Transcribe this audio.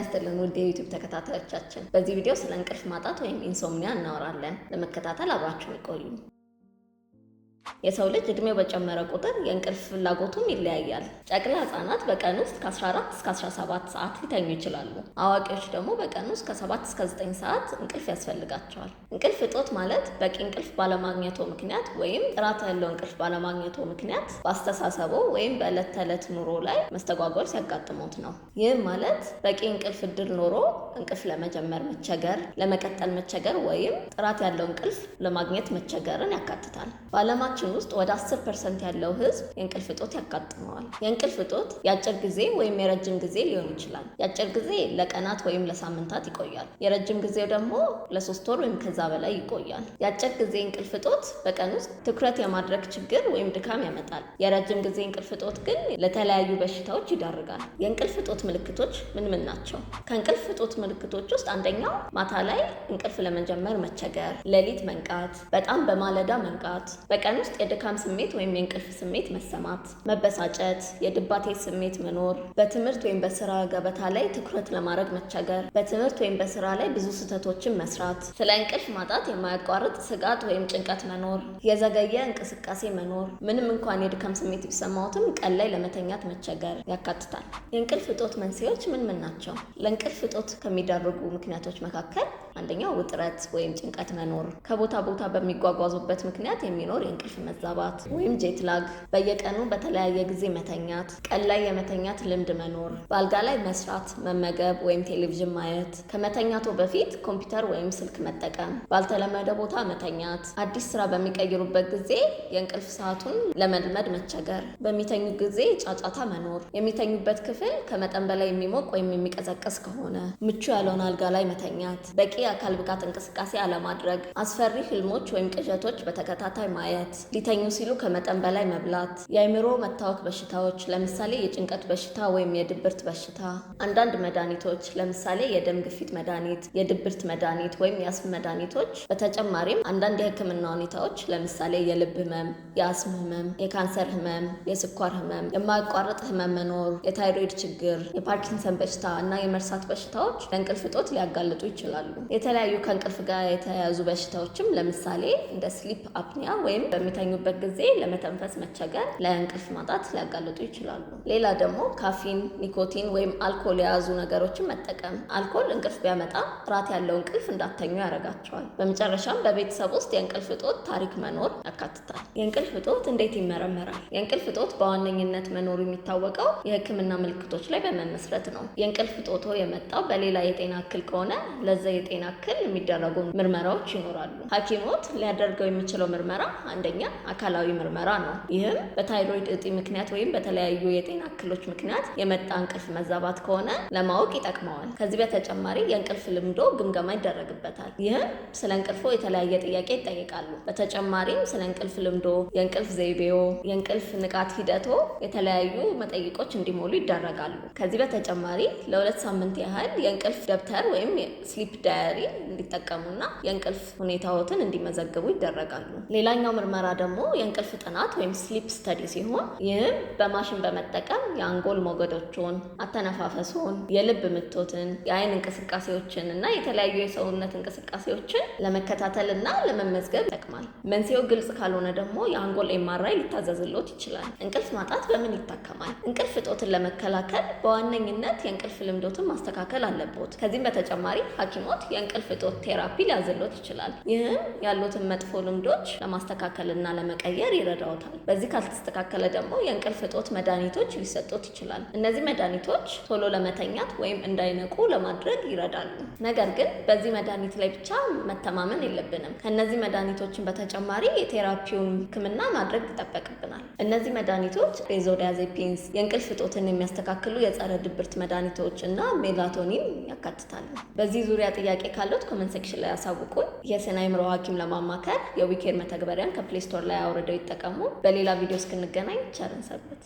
ያስጥልን ውድ የዩቲዩብ ተከታታዮቻችን፣ በዚህ ቪዲዮ ስለ እንቅልፍ ማጣት ወይም ኢንሶምኒያ እናወራለን። ለመከታተል አብራችሁ ይቆዩ። የሰው ልጅ እድሜው በጨመረ ቁጥር የእንቅልፍ ፍላጎቱም ይለያያል። ጨቅላ ህጻናት በቀን ውስጥ ከ14 እስከ 17 ሰዓት ሊተኙ ይችላሉ። አዋቂዎች ደግሞ በቀን ውስጥ ከ7 እስከ 9 ሰዓት እንቅልፍ ያስፈልጋቸዋል። እንቅልፍ እጦት ማለት በቂ እንቅልፍ ባለማግኘቶ ምክንያት ወይም ጥራት ያለው እንቅልፍ ባለማግኘቶ ምክንያት በአስተሳሰቦ ወይም በዕለት ተዕለት ኑሮ ላይ መስተጓጎል ሲያጋጥሞት ነው። ይህም ማለት በቂ እንቅልፍ እድል ኖሮ እንቅልፍ ለመጀመር መቸገር፣ ለመቀጠል መቸገር ወይም ጥራት ያለው እንቅልፍ ለማግኘት መቸገርን ያካትታል። ባለማ በሀገራችን ውስጥ ወደ 10 ፐርሰንት ያለው ህዝብ የእንቅልፍ እጦት ያጋጥመዋል። የእንቅልፍ እጦት የአጭር ጊዜ ወይም የረጅም ጊዜ ሊሆን ይችላል። የአጭር ጊዜ ለቀናት ወይም ለሳምንታት ይቆያል። የረጅም ጊዜው ደግሞ ለሶስት ወር ወይም ከዛ በላይ ይቆያል። የአጭር ጊዜ እንቅልፍ እጦት በቀን ውስጥ ትኩረት የማድረግ ችግር ወይም ድካም ያመጣል። የረጅም ጊዜ እንቅልፍ እጦት ግን ለተለያዩ በሽታዎች ይዳርጋል። የእንቅልፍ እጦት ምልክቶች ምን ምን ናቸው? ከእንቅልፍ እጦት ምልክቶች ውስጥ አንደኛው ማታ ላይ እንቅልፍ ለመጀመር መቸገር፣ ሌሊት መንቃት፣ በጣም በማለዳ መንቃት፣ በቀን ውስጥ የድካም ስሜት ወይም የእንቅልፍ ስሜት መሰማት፣ መበሳጨት፣ የድባቴ ስሜት መኖር፣ በትምህርት ወይም በስራ ገበታ ላይ ትኩረት ለማድረግ መቸገር፣ በትምህርት ወይም በስራ ላይ ብዙ ስህተቶችን መስራት፣ ስለ እንቅልፍ ማጣት የማያቋርጥ ስጋት ወይም ጭንቀት መኖር፣ የዘገየ እንቅስቃሴ መኖር፣ ምንም እንኳን የድካም ስሜት ቢሰማዎትም ቀን ላይ ለመተኛት መቸገር ያካትታል። የእንቅልፍ እጦት መንስኤዎች ምን ምን ናቸው? ለእንቅልፍ እጦት ከሚደረጉ ምክንያቶች መካከል አንደኛው ውጥረት ወይም ጭንቀት መኖር፣ ከቦታ ቦታ በሚጓጓዙበት ምክንያት የሚኖር የእንቅልፍ መዛባት ወይም ጄትላግ፣ በየቀኑ በተለያየ ጊዜ መተኛት፣ ቀን ላይ የመተኛት ልምድ መኖር፣ በአልጋ ላይ መስራት፣ መመገብ ወይም ቴሌቪዥን ማየት፣ ከመተኛቶ በፊት ኮምፒውተር ወይም ስልክ መጠቀም፣ ባልተለመደ ቦታ መተኛት፣ አዲስ ስራ በሚቀይሩበት ጊዜ የእንቅልፍ ሰዓቱን ለመልመድ መቸገር፣ በሚተኙ ጊዜ ጫጫታ መኖር፣ የሚተኙበት ክፍል ከመጠን በላይ የሚሞቅ ወይም የሚቀዘቀስ ከሆነ፣ ምቹ ያለውን አልጋ ላይ መተኛት፣ በቂ የአካል ብቃት እንቅስቃሴ አለማድረግ፣ አስፈሪ ህልሞች ወይም ቅዠቶች በተከታታይ ማየት፣ ሊተኙ ሲሉ ከመጠን በላይ መብላት፣ የአእምሮ መታወክ በሽታዎች ለምሳሌ የጭንቀት በሽታ ወይም የድብርት በሽታ፣ አንዳንድ መድኃኒቶች ለምሳሌ የደም ግፊት መድኃኒት፣ የድብርት መድኃኒት ወይም የአስም መድኃኒቶች። በተጨማሪም አንዳንድ የህክምና ሁኔታዎች ለምሳሌ የልብ ህመም፣ የአስም ህመም፣ የካንሰር ህመም፣ የስኳር ህመም፣ የማያቋርጥ ህመም መኖር፣ የታይሮይድ ችግር፣ የፓርኪንሰን በሽታ እና የመርሳት በሽታዎች ለእንቅልፍ እጦት ሊያጋልጡ ይችላሉ። የተለያዩ ከእንቅልፍ ጋር የተያያዙ በሽታዎችም ለምሳሌ እንደ ስሊፕ አፕኒያ ወይም በሚተኙበት ጊዜ ለመተንፈስ መቸገር፣ ለእንቅልፍ ማጣት ሊያጋልጡ ይችላሉ። ሌላ ደግሞ ካፊን፣ ኒኮቲን ወይም አልኮል የያዙ ነገሮችን መጠቀም። አልኮል እንቅልፍ ቢያመጣ ጥራት ያለው እንቅልፍ እንዳተኙ ያደርጋቸዋል። በመጨረሻም በቤተሰብ ውስጥ የእንቅልፍ እጦት ታሪክ መኖር ያካትታል። የእንቅልፍ እጦት እንዴት ይመረመራል? የእንቅልፍ እጦት በዋነኝነት መኖሩ የሚታወቀው የሕክምና ምልክቶች ላይ በመመስረት ነው። የእንቅልፍ እጦቶ የመጣው በሌላ የጤና እክል ከሆነ ለዛ የጤና ጤና እክል የሚደረጉ ምርመራዎች ይኖራሉ። ሐኪሞት ሊያደርገው የሚችለው ምርመራ አንደኛ አካላዊ ምርመራ ነው። ይህም በታይሮይድ እጢ ምክንያት ወይም በተለያዩ የጤና እክሎች ምክንያት የመጣ እንቅልፍ መዛባት ከሆነ ለማወቅ ይጠቅመዋል። ከዚህ በተጨማሪ የእንቅልፍ ልምዶ ግምገማ ይደረግበታል። ይህም ስለ እንቅልፎ የተለያየ ጥያቄ ይጠይቃሉ። በተጨማሪም ስለ እንቅልፍ ልምዶ፣ የእንቅልፍ ዘይቤዎ፣ የእንቅልፍ ንቃት ሂደቶ የተለያዩ መጠይቆች እንዲሞሉ ይደረጋሉ። ከዚህ በተጨማሪ ለሁለት ሳምንት ያህል የእንቅልፍ ደብተር ወይም ስሊፕ ዳያ ባህሪ እንዲጠቀሙና የእንቅልፍ ሁኔታዎትን እንዲመዘግቡ ይደረጋሉ። ሌላኛው ምርመራ ደግሞ የእንቅልፍ ጥናት ወይም ስሊፕ ስተዲ ሲሆን ይህም በማሽን በመጠቀም የአንጎል ሞገዶችን፣ አተነፋፈሱን፣ የልብ ምቶትን፣ የአይን እንቅስቃሴዎችን እና የተለያዩ የሰውነት እንቅስቃሴዎችን ለመከታተል እና ለመመዝገብ ይጠቅማል። መንስኤው ግልጽ ካልሆነ ደግሞ የአንጎል ኤምአርአይ ሊታዘዝሎት ይችላል። እንቅልፍ ማጣት በምን ይታከማል? እንቅልፍ እጦትን ለመከላከል በዋነኝነት የእንቅልፍ ልምዶትን ማስተካከል አለቦት። ከዚህም በተጨማሪ ሐኪሞት የእንቅልፍ እጦት ቴራፒ ሊያዝሎት ይችላል። ይህም ያሉትን መጥፎ ልምዶች ለማስተካከልና ለመቀየር ይረዳዎታል። በዚህ ካልተስተካከለ ደግሞ የእንቅልፍ እጦት መድኃኒቶች ሊሰጡት ይችላል። እነዚህ መድኃኒቶች ቶሎ ለመተኛት ወይም እንዳይነቁ ለማድረግ ይረዳሉ። ነገር ግን በዚህ መድኃኒት ላይ ብቻ መተማመን የለብንም። ከእነዚህ መድኃኒቶችን በተጨማሪ የቴራፒውን ህክምና ማድረግ ይጠበቅብናል። እነዚህ መድኃኒቶች ቤንዞዳያዜፒንስ፣ የእንቅልፍ እጦትን የሚያስተካክሉ የጸረ ድብርት መድኃኒቶች እና ሜላቶኒን ያካትታሉ። በዚህ ዙሪያ ጥያቄ ጥያቄ ካለት ኮመንት ሴክሽን ላይ ያሳውቁን። የስነ አእምሮ ሐኪም ለማማከር የዊኬር መተግበሪያን ከፕሌስቶር ላይ አውርደው ይጠቀሙ። በሌላ ቪዲዮ እስክንገናኝ ቸርን ሰንብቱ።